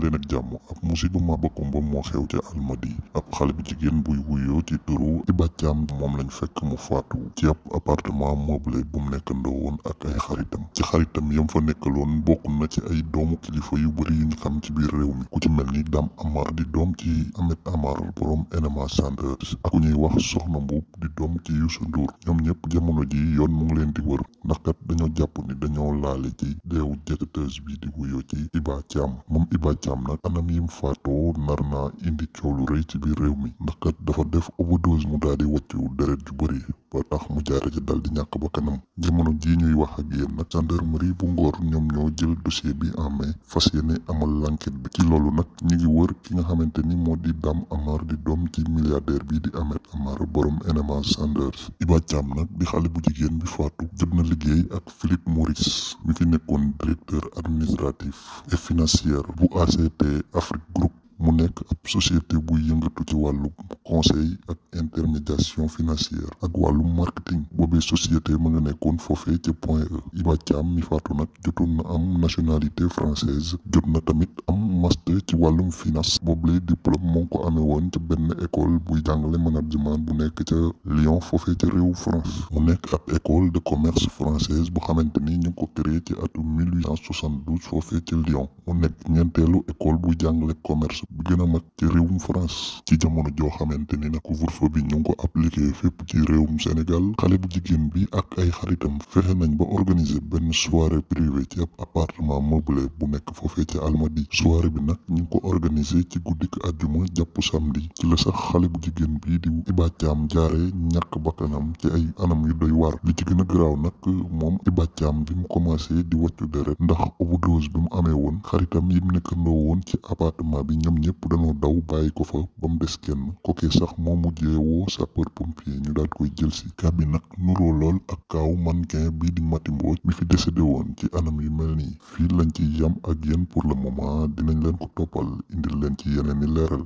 leen ak jàmm ab musiba ma bakkumba moo xew ca almadi ab xale bu jigéen buy wuyoo ci turu Hiba Thiam moom lañ fekk mu faatu ci ab appartement meublé bu mu nekkandoo woon ak ay xaritam ci xaritam yam fa nekkaloon bokk na ci ay doomu kilifa yu bëri yuñ xam ci biir réew mi ku ci mel ni Dame Amar di doom ci Ahmed Amar borom NMA Sanders ku ñuy wax Soxna Mbuub di doom ci Youssou Ndour ñoom ñëpp jamono ji yoon mu leen di wër ndax kat dañoo jàpp ni dañoo Sam nag anam yim faatoo nar naa indi coow lu rëy ci biir réew mi ndax kat dafa def overdose mu daal di wàccu deret ju ba tax mu jaare ci dal di ñàkk ba kanam jamono jii ñuy wax ak yéen nag gendarmerie bu Ngor ñoom ñoo jël dossier bi en main fas yéene amal l'enquête bi ci loolu nag ñu ngi wër ki nga xamante ni moo di Dame Amar di doom ci milliardaire bi di Ahmed Amar borom NMA Sanders Iba Thiam nag di xale bu jigéen bi faatu jot na liggéey ak Philippe Maurice mi fi nekkoon directeur administratif et financier bu ACT Afrique Group mu nekk ab société buy yëngatu ci wàllu conseil ak intermédiation financière ak wàllu marketing boobee société ma nga nekkoon foofee ca point E Iba Thiam mi faatu nag jotoon na am nationalité française jot na tamit am master ci wàllum finance boobule diplôme moo ko amee woon ca benn école buy jàngale management bu nekk ca Lyon foofee ca réew France mu nekk ab école de commerce française bu xamante ni ñu ko créé ci atum 1872 foofee ca Lyon mu nekk ñeenteelu école buy jàngale commerce bu gën a mag xamante ni nag bi ñu ngi ko appliqué fépp ci réewum Sénégal xale bu jigéen bi ak ay xaritam fexe nañ ba organiser benn soirée privée ci ab appartement meublé bu nekk foofee ci Almadi soirée bi nag ñu ngi ko organiser ci jàpp samedi ci sax xale bu jigéen bi di Iba Thiam jaaree ñàkk bakkanam ci ay anam yu doy waar li ci gën a garaaw nag moom Iba Thiam bi mu commencé di wàccu deret ndax overdose bi mu amee woon xaritam yi mu nekkandoo woon ci appartement bi ñoom ñëpp dañoo daw bàyyi ko fekkee sax moom mujjee woo sapeur pompier ñu daal koy jël si cas bi nag nuroo lool ak kaaw mannequin bii di Mati Mbodj bi fi décédé woon ci anam yu mel nii fii ci yam ak yéen pour le moment dinañ leen ko toppal indil leen ci yeneen i leeral